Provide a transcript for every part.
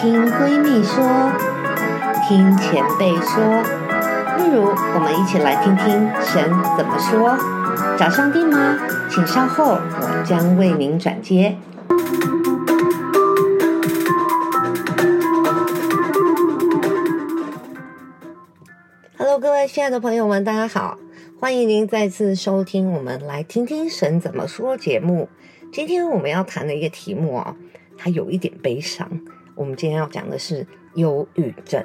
聽閨蜜說，聽前輩說，不如我們一起來聽聽神怎麼說。找上帝嗎？請稍後，我將為您轉接。Hello，各位親愛的朋友們，大家好！歡迎您再次收聽我們來聽聽神怎麼說節目。今天我們要談的一個題目啊，它有一點悲傷。我們今天要講的是憂鬱症。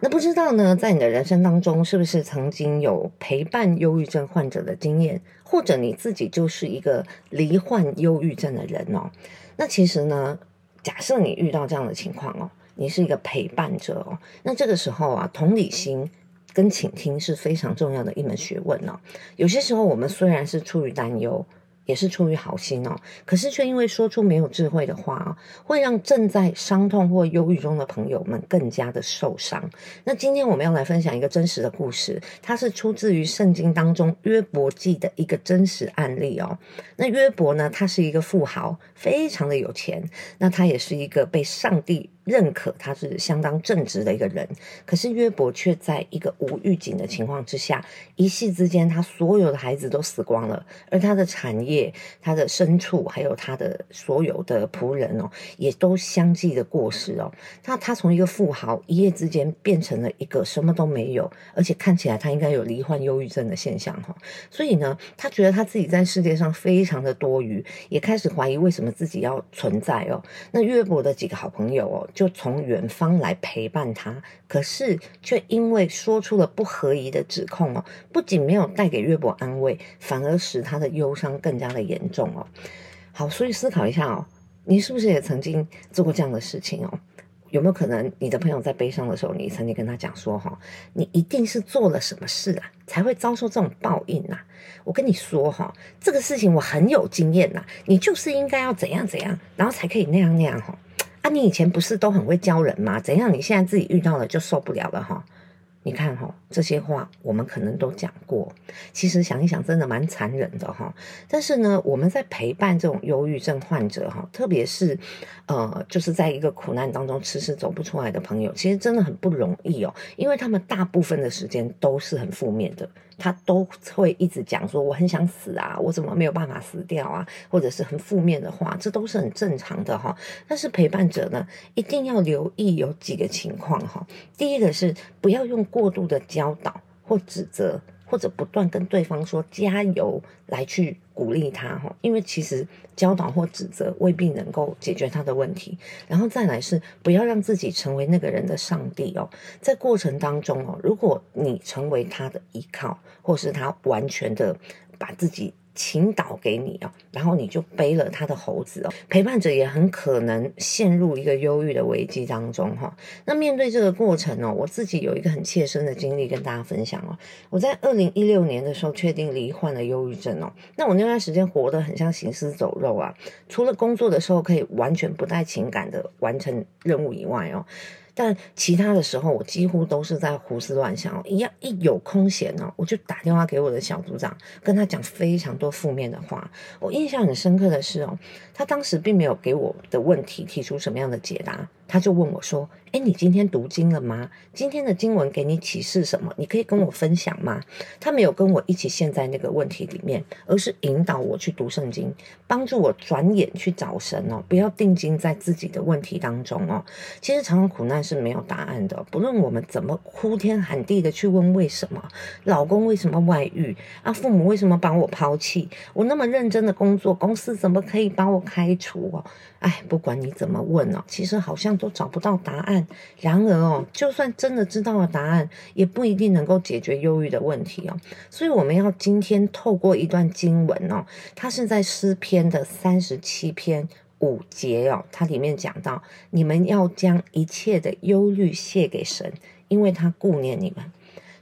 那不知道呢，在你的人生當中，是不是曾經有陪伴憂鬱症患者的經驗，或者你自己就是一個罹患憂鬱症的人哦？那其實呢，假設你遇到這樣的情況哦，你是一個陪伴者哦，那這個時候啊，同理心跟傾聽是非常重要的一門學問哦。有些時候，我們雖然是出於擔憂。也是出於好心哦，可是卻因為說出沒有智慧的話哦，會讓正在傷痛或憂鬱中的朋友們更加的受傷。那今天我們要來分享一個真實的故事，它是出自於聖經當中約伯記的一個真實案例哦。那約伯呢，他是一個富豪，非常的有錢，那他也是一個被上帝。認可他是相當正直的一個人，可是約伯卻在一個無預警的情況之下，一夕之間他所有的孩子都死光了，而他的產業、他的牲畜還有他的所有的僕人哦，也都相繼的過世哦。他他從一個富豪一夜之間變成了一個什麼都沒有，而且看起來他應該有罹患憂鬱症的現象哈、哦。所以呢，他覺得他自己在世界上非常的多餘，也開始懷疑為什麼自己要存在哦。那約伯的幾個好朋友哦。就從遠方來陪伴他，可是卻因為說出了不合宜的指控哦，不僅沒有帶給約伯安慰，反而使他的憂傷更加的嚴重哦。好，所以思考一下哦，你是不是也曾經做過這樣的事情哦？有沒有可能你的朋友在悲傷的時候，你曾經跟他講說、哦、你一定是做了什麼事啊，才會遭受這種報應吶、啊？我跟你說、哦、這個事情我很有經驗、啊、你就是應該要怎樣怎樣，然後才可以那樣那樣、哦啊，你以前不是都很會教人嗎？怎樣，你現在自己遇到了就受不了了哈？你看、哦、這些話我們可能都講過。其實想一想，真的蠻殘忍的哈、哦。但是呢，我們在陪伴這種憂鬱症患者哈、哦，特別是呃，就是在一個苦難當中遲遲走不出來的朋友，其實真的很不容易哦。因為他們大部分的時間都是很負面的，他都會一直講說我很想死啊，我怎麼沒有辦法死掉啊，或者是很負面的話，這都是很正常的哈、哦。但是陪伴者呢，一定要留意有幾個情況哈、哦。第一個是不要用。過度的教導或指責，或者不斷跟對方說加油來去鼓勵他哈，因為其實教導或指責未必能夠解決他的問題。然後再來是不要讓自己成為那個人的上帝哦，在過程當中哦，如果你成為他的依靠，或是他完全的把自己。傾倒給你哦，然後你就背了他的猴子哦，陪伴者也很可能陷入一個憂鬱的危機當中哈、哦。那面對這個過程哦，我自己有一個很切身的經歷跟大家分享哦。我在二零一六年的時候確定罹患了憂鬱症哦，那我那段時間活得很像行屍走肉啊，除了工作的時候可以完全不帶情感的完成任務以外哦。但其他的時候，我幾乎都是在胡思亂想。一樣，一有空閒呢哦，我就打電話給我的小組長，跟他講非常多負面的話。我印象很深刻的是哦，他當時並沒有給我的問題提出什麼樣的解答，他就問我說：“哎，你今天讀經了嗎？今天的經文給你啟示什麼？你可以跟我分享嗎？”他沒有跟我一起陷在那個問題裡面，而是引導我去讀聖經，幫助我轉眼去找神哦，不要定睛在自己的問題當中哦。其實常常苦難。是沒有答案的。不論我們怎麼哭天喊地的去問為什麼，老公為什麼外遇啊，父母為什麼把我拋棄，我那麼認真的工作，公司怎麼可以把我開除哦？哎，不管你怎麼問哦，其實好像都找不到答案。然而哦，就算真的知道了答案，也不一定能夠解決憂鬱的問題哦。所以我們要今天透過一段經文哦，它是在詩篇的三十七篇。五節哦，它裡面講到，你們要將一切的憂慮卸給神，因為他顧念你們。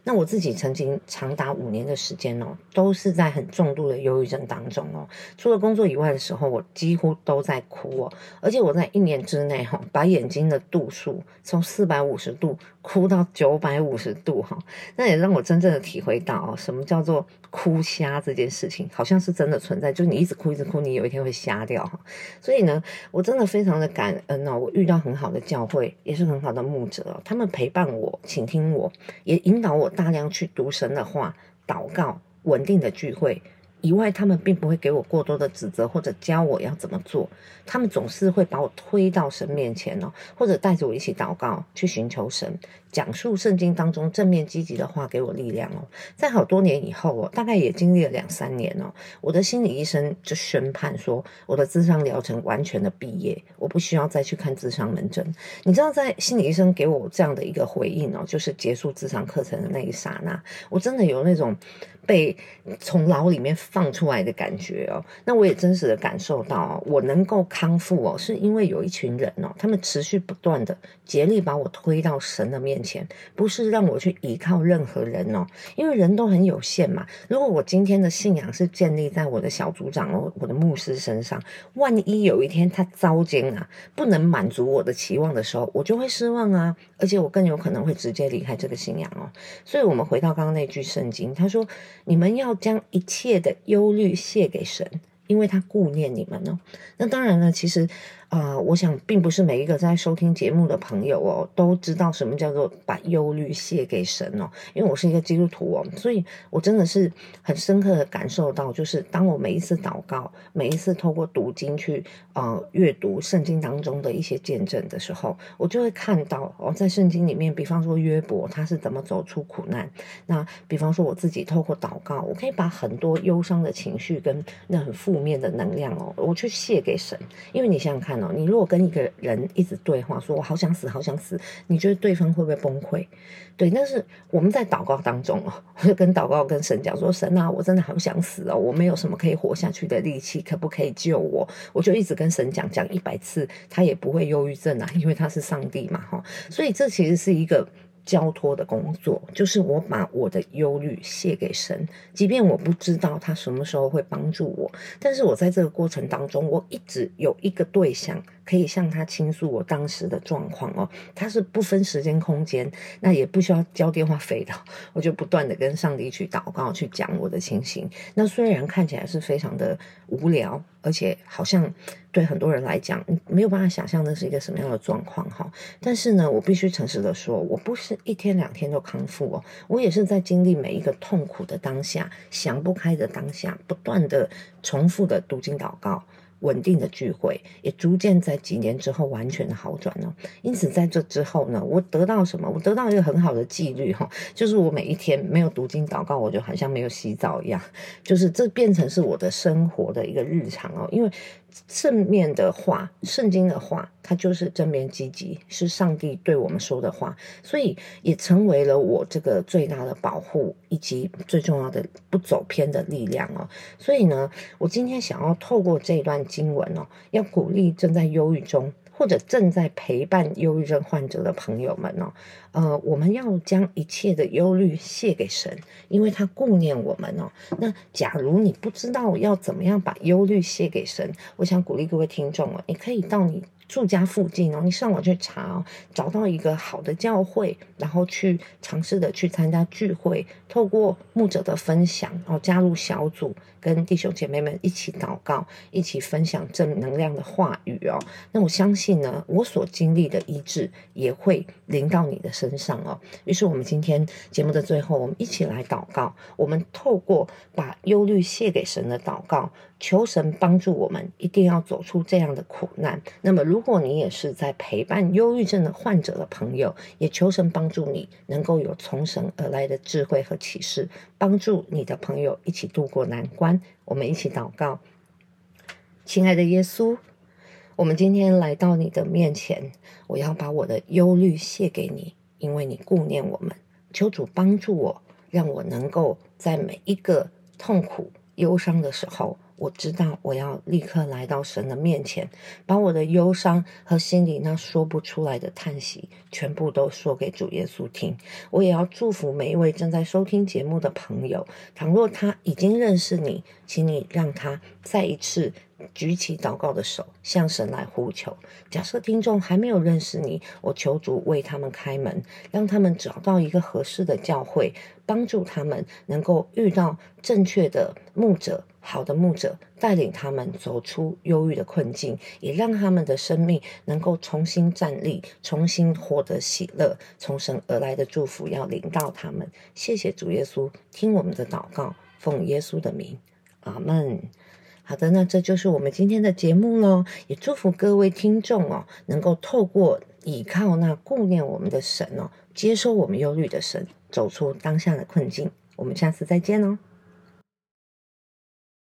那我自己曾經長達五年的時間哦，都是在很重度的憂鬱症當中哦。除了工作以外的時候，我幾乎都在哭哦。而且我在一年之內哦，把眼睛的度數從四百五十度哭到九百五十度哦。那也讓我真正的體會到哦，什麼叫做哭瞎這件事情，好像是真的存在。就你一直哭一直哭，你有一天會瞎掉哦。所以呢，我真的非常的感恩哦，我遇到很好的教會，也是很好的牧者哦，他們陪伴我，傾聽我，也引導我。大量去讀神的話，禱告，穩定的聚會以外，他們並不會給我過多的指責或者教我要怎麼做。他們總是會把我推到神面前哦，或者帶着我一起禱告，去尋求神，講述聖經當中正面積極的話給我力量哦。在好多年以後哦，大概也經歷了兩三年哦，我的心理醫生就宣判說我的諮商療程完全的畢業，我不需要再去看諮商門診。你知道，在心理醫生給我這樣的一個回應哦，就是結束諮商課程的那一剎那，我真的有那種被從牢裡面。放出來的感覺哦，那我也真實的感受到哦，我能夠康復哦，是因為有一群人哦，他們持續不斷的竭力把我推到神的面前，不是讓我去依靠任何人哦，因為人都很有限嘛。如果我今天的信仰是建立在我的小組長哦、我的牧師身上，萬一有一天他糟踐啊，不能滿足我的期望的時候，我就會失望啊，而且我更有可能會直接離開這個信仰哦。所以，我們回到剛剛那句聖經，他說：“你們要將一切的。”憂慮，卸給神。因為他顧念你們呢、哦，那當然了，其實，啊、呃、我想並不是每一個在收聽節目的朋友哦，都知道什麼叫做把憂慮卸給神哦。因為我是一個基督徒哦，所以我真的是很深刻的感受到，就是當我每一次禱告，每一次透過讀經去啊、呃、閱讀聖經當中的一些見證的時候，我就會看到哦，在聖經裡面，比方說約伯他是怎麼走出苦難，那比方說我自己透過禱告，我可以把很多憂傷的情緒跟那很負。面的能量哦，我去卸給神，因為你想想看哦，你如果跟一個人一直對話，說我好想死，好想死，你覺得對方會不會崩潰？對，但是我們在禱告當中哦，我就跟禱告跟神講說，神啊，我真的好想死哦，我沒有什麼可以活下去的力氣，可不可以救我？我就一直跟神講講一百次，他也不會憂鬱症啊，因為他是上帝嘛，哈，所以這其實是一個。交託的工作，就是我把我的憂慮卸給神，即便我不知道他什麼時候會幫助我，但是我在這個過程當中，我一直有一個對象。可以向他傾訴我當時的狀況哦，他是不分時間空間，那也不需要交電話費的，我就不斷的跟上帝去禱告，去講我的情形。那雖然看起來是非常的無聊，而且好像對很多人來講沒有辦法想象那是一個什麼樣的狀況哈、哦，但是呢，我必須誠實的說，我不是一天兩天就康復哦，我也是在經歷每一個痛苦的當下、想不開的當下，不斷的重複的讀經禱告，穩定的聚會也逐漸在幾年之後完全的好轉哦。因此在這之後呢，我得到什麼？我得到一個很好的紀律哈、哦，就是我每一天沒有讀經禱告，我就好像沒有洗澡一樣，就是這變成是我的生活的一個日常哦，因為。正面的話，聖經的話，它就是正面積極，是上帝對我們說的話，所以也成為了我這個最大的保護，以及最重要的不走偏的力量哦。所以呢，我今天想要透過這一段經文哦，要鼓勵正在憂鬱中。或者正在陪伴憂鬱症患者的朋友們呢、哦？呃，我們要將一切的憂慮卸給神，因為他顧念我們哦。那假如你不知道要怎麼樣把憂慮卸給神，我想鼓勵各位聽眾哦，你可以到你住家附近哦，你上網去查哦，找到一個好的教會，然後去嘗試的去參加聚會，透過牧者的分享哦，加入小組，跟弟兄姐妹們一起禱告，一起分享正能量的話語哦。那我相信。信呢，我所經歷的醫治也會臨到你的身上哦。於是我們今天節目的最後，我們一起來禱告。我們透過把憂慮卸給神的禱告，求神幫助我們一定要走出這樣的苦難。那麼，如果你也是在陪伴憂鬱症的患者的朋友，也求神幫助你能夠有從神而來的智慧和啟示，幫助你的朋友一起度過難關。我們一起禱告，親愛的耶穌。我們今天來到你的面前，我要把我的憂慮卸給你，因為你顧念我們。求主幫助我，讓我能夠在每一個痛苦、憂傷的時候。我知道，我要立刻來到神的面前，把我的憂傷和心裡那說不出來的嘆息全部都說給主耶穌聽。我也要祝福每一位正在收聽節目的朋友。倘若他已經認識你，請你讓他再一次舉起禱告的手，向神來呼求。假設聽眾還沒有認識你，我求主為他們開門，讓他們找到一個合適的教會，幫助他們能夠遇到正確的牧者。好的牧者帶領他們走出憂鬱的困境，也讓他們的生命能夠重新站立，重新獲得喜樂。從神而來的祝福要臨到他們。謝謝主耶穌，聽我們的禱告，奉耶穌的名，阿門。好的，那這就是我們今天的節目嘍。也祝福各位聽眾哦，能夠透過倚靠那顧念我們的神哦，接受我們憂鬱的神，走出當下的困境。我們下次再見哦。